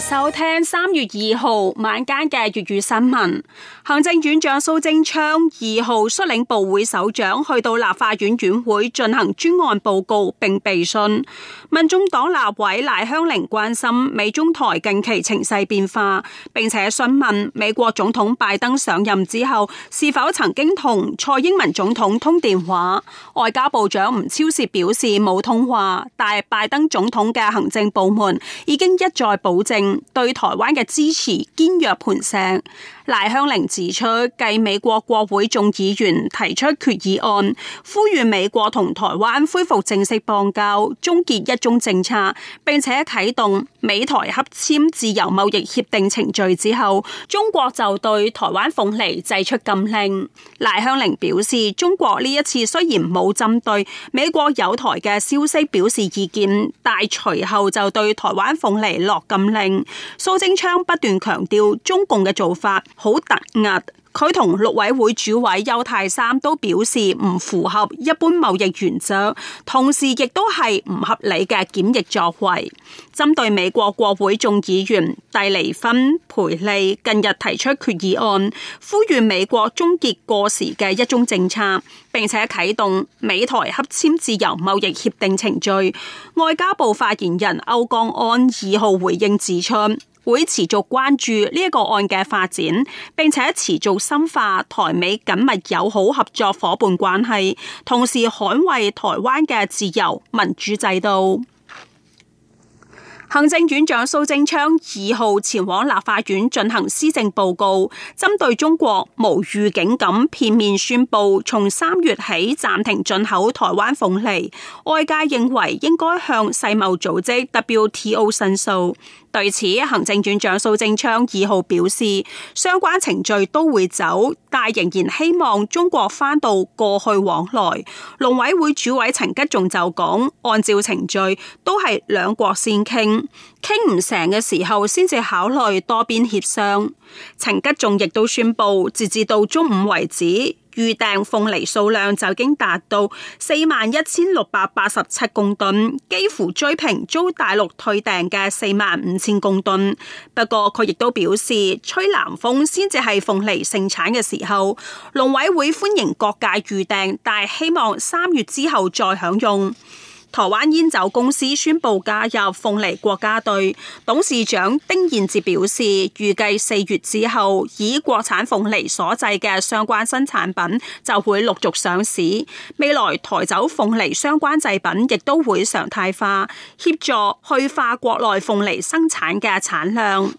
收聽三月二號晚間嘅粵語新聞。行政院長蘇貞昌二號率領部會首長去到立法院院會進行專案報告，並備詢。民眾黨立委賴香伶關心美中台近期情勢變化，並且詢問美國總統拜登上任之後是否曾經同蔡英文總統通電話。外交部長吳釗燮表示冇通話，但拜登總統嘅行政部門已經一再保證。對台灣嘅支持堅若磐石。賴香玲指出，繼美國國會眾議員提出決議案，呼籲美國同台灣恢復正式邦交、終結一中政策，並且啟動美台洽簽自由貿易協定程序之後，中國就對台灣鳳梨祭出禁令。賴香玲表示，中國呢一次雖然冇針對美國有台嘅消息表示意見，但隨後就對台灣鳳梨落禁令。蘇貞昌不斷強調中共嘅做法好突兀，佢同陸委會主委邱泰三都表示唔符合一般貿易原則。同時亦都係唔合理嘅檢疫作為針對美國國會眾議員蒂尼芬培利近日提出決議案，呼籲美國終結過時嘅一中政策，並且啟動美台洽簽自由貿易協定程序，外交部發言人歐江安二號回應指出，會持續關注呢一個案嘅發展，並且持續深化台美緊密友好合作伙伴關係，同時捍衛台灣嘅自由民主制度。行政院長蘇貞昌二號前往立法院進行施政報告，針對中國無預警咁片面宣布從三月起暫停進口台灣鳳梨，外界認為應該向世貿組織 WTO 申訴。對此，行政院長蘇貞昌二號表示，相關程序都會走，但仍然希望中國返到過去往來。農委會主委陳吉仲就講，按照程序都係兩國先傾，傾唔成嘅時候，先至考慮多邊協商。陳吉仲亦都宣布，截至到中午為止。預訂鳳梨數量就已經達到四萬一千六百八十七公噸，幾乎追平遭大陸退訂嘅四萬五千公噸。不過佢亦都表示，吹南風先至係鳳梨盛產嘅時候，農委會歡迎各界預訂，但係希望三月之後再享用。台灣菸酒公司宣布加入鳳梨國家隊，董事長丁彥哲表示，預計四月之後，以國產鳳梨所製嘅相關新產品就會陸續上市。未來台酒鳳梨相關製品亦都會常態化，協助去化國內鳳梨生產嘅產量。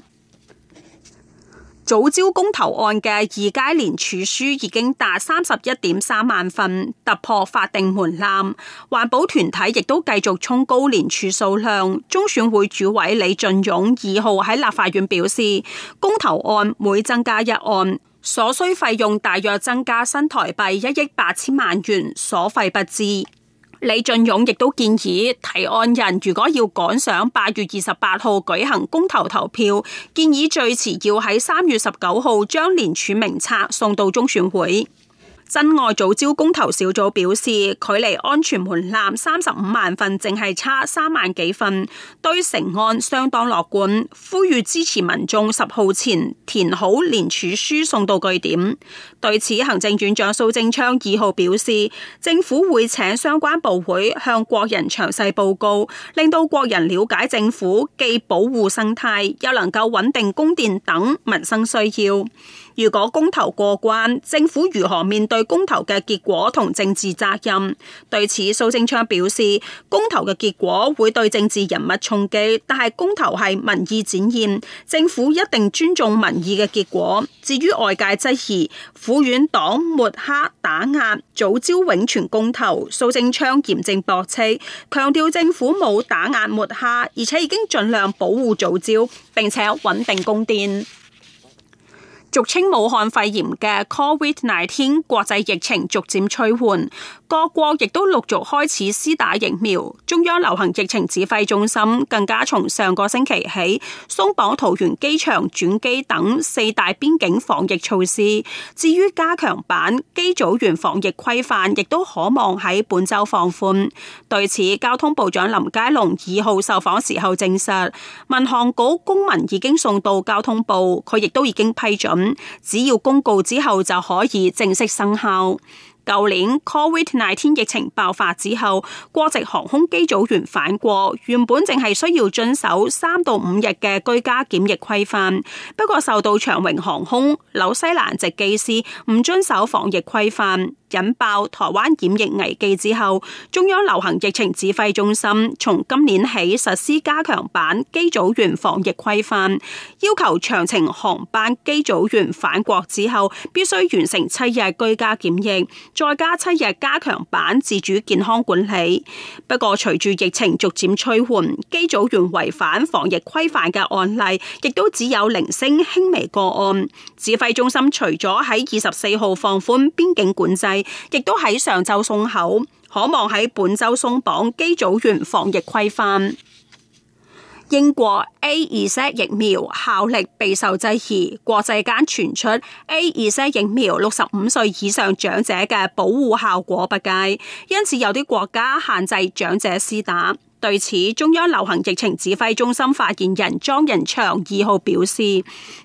藻礁公投案嘅二階連署書已經達三十一點三萬份，突破法定門檻。環保團體亦都繼續衝高連署數量。中選會主委李進勇二號喺立法院表示，公投案每增加一案，所需費用大約增加新台幣一億八千萬元，所費不貲。李進勇亦都建議提案人，如果要趕上八月二十八號舉行公投投票，建議最遲要喺三月十九號將連署名冊送到中選會。珍愛藻礁公投小組表示，距離安全門檻三十五萬份淨係差三萬幾份，對成案相當樂觀，呼籲支持民眾十號前填好連署書送到據點。對此，行政院長蘇貞昌二號表示，政府會請相關部會向國人詳細報告，令到國人了解政府既保護生態，又能夠穩定供電等民生需要。如果公投過關，政府如何面對公投嘅結果同政治責任？對此，蘇貞昌表示，公投嘅結果會對政治人物衝擊，但係公投係民意展現，政府一定尊重民意嘅結果。至於外界質疑府院黨抹黑打壓藻礁永存公投，蘇貞昌嚴正駁斥，強調政府冇打壓抹黑，而且已經盡量保護藻礁並且穩定供電。俗稱武漢肺炎嘅 Covid nineteen 國際疫情逐漸趨緩，各國亦都陸續開始施打疫苗。中央流行疫情指揮中心更加從上個星期起鬆綁桃園機場轉機等四大邊境防疫措施。至於加強版機組員防疫規範，亦都可望喺本週放寬。對此，交通部長林佳龍二號受訪時候證實，民航局公文已經送到交通部，佢亦都已經批准。只要公告之後就可以正式生效。舊年 COVID-19 疫情爆發之後，國籍航空機組員返國，原本淨係需要遵守三到五日嘅居家檢疫規範。不過，受到長榮航空紐西蘭籍機師唔遵守防疫規範，引爆台灣檢疫危機之後，中央流行疫情指揮中心從今年起實施加強版機組員防疫規範，要求長程航班機組員返國之後，必須完成七日居家檢疫。再加七日加強版自主健康管理，不過隨住疫情逐漸趨緩，機組員違反防疫規範嘅案例，亦都只有零星輕微個案。指揮中心除咗喺二十四號放寬邊境管制，亦都喺上晝鬆口，可望喺本週鬆綁機組員防疫規範。英國 AZ 疫苗效力備受質疑，國際間傳出 AZ 疫苗六十五歲以上長者嘅保護效果不佳，因此有啲國家限制長者施打。對此，中央流行疫情指揮中心發言人莊人祥二號表示，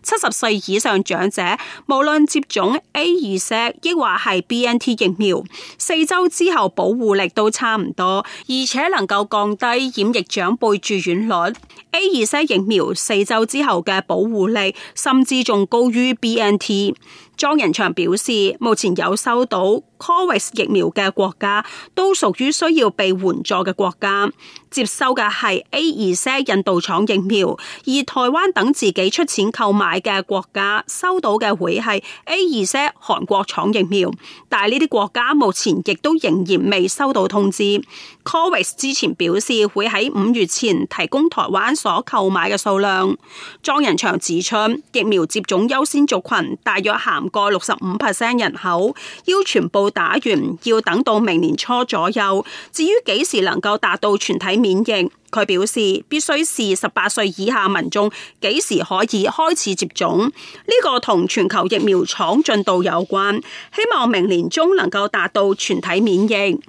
七十歲以上長者無論接種 AZ，亦或係 B N T 疫苗，四周之後保護力都差唔多，而且能夠降低染疫長輩住院率。AZ 疫苗四周之後嘅保護力，甚至仲高於 B N T。莊人祥表示，目前有收到 COVAX 疫苗嘅國家，都屬於需要被援助嘅國家。接收嘅係 AZ 印度廠疫苗，而台灣等自己出錢購買嘅國家，收到嘅會係 AZ 韓國廠疫苗。但係呢啲國家目前亦都仍然未收到通知。COVAX 之前表示會喺五月前提供台灣所購買嘅數量。莊人祥指出，疫苗接種優先族群大約含。過六十五 percent 人口，要全部打完，要等到明年初左右。至於幾時能夠達到全體免疫，佢表示必須是十八歲以下民眾幾時可以開始接種呢、這個同全球疫苗廠進度有關，希望明年中能夠達到全體免疫。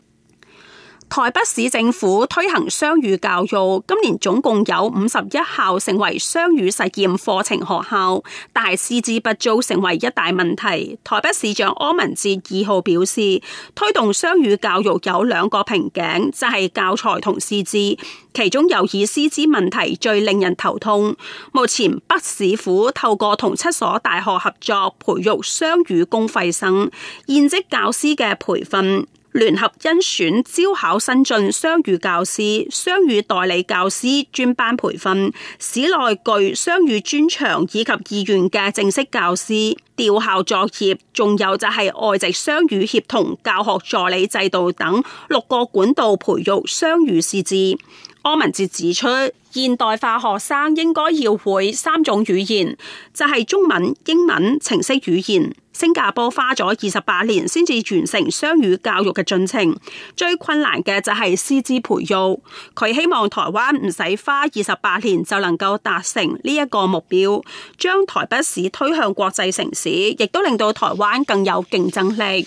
台北市政府推行雙語教育，今年總共有五十一校成為雙語實驗課程學校，但係師資不足成為一大問題。台北市長柯文哲二號表示，推動雙語教育有兩個瓶頸，就係教材同師資，其中尤以師資問題最令人頭痛。目前北市府透過同七所大學合作，培育雙語公費生，現職教師嘅培訓。聯合甄選招考新進雙語教師、雙語代理教師專班培訓，市內具雙語專長以及意願嘅正式教師調校作業，仲有就係外籍雙語協同教學助理制度等六個管道培育雙語師資。柯文哲指出，現代化學生應該要會三種語言，就係中文、英文、程式語言。新加坡花咗二十八年先至完成雙語教育嘅進程，最困難嘅就係師資培育。佢希望台灣唔使花二十八年就能夠達成呢一個目標，將台北市推向國際城市，亦都令到台灣更有競爭力。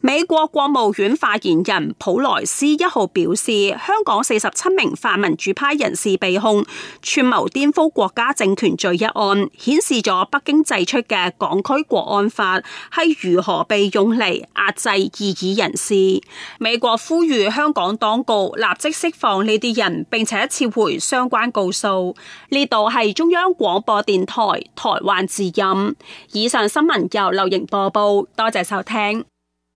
美國國務院發言人普萊斯一號表示，香港四十七名泛民主派人士被控串謀顛覆國家政權罪一案，顯示咗北京祭出嘅港區國安法係如何被用嚟壓制異議人士。美國呼籲香港當局立即釋放呢啲人，並且撤回相關告訴。呢度係中央廣播電台台灣之音。以上新聞由劉瑩播報，多謝收聽。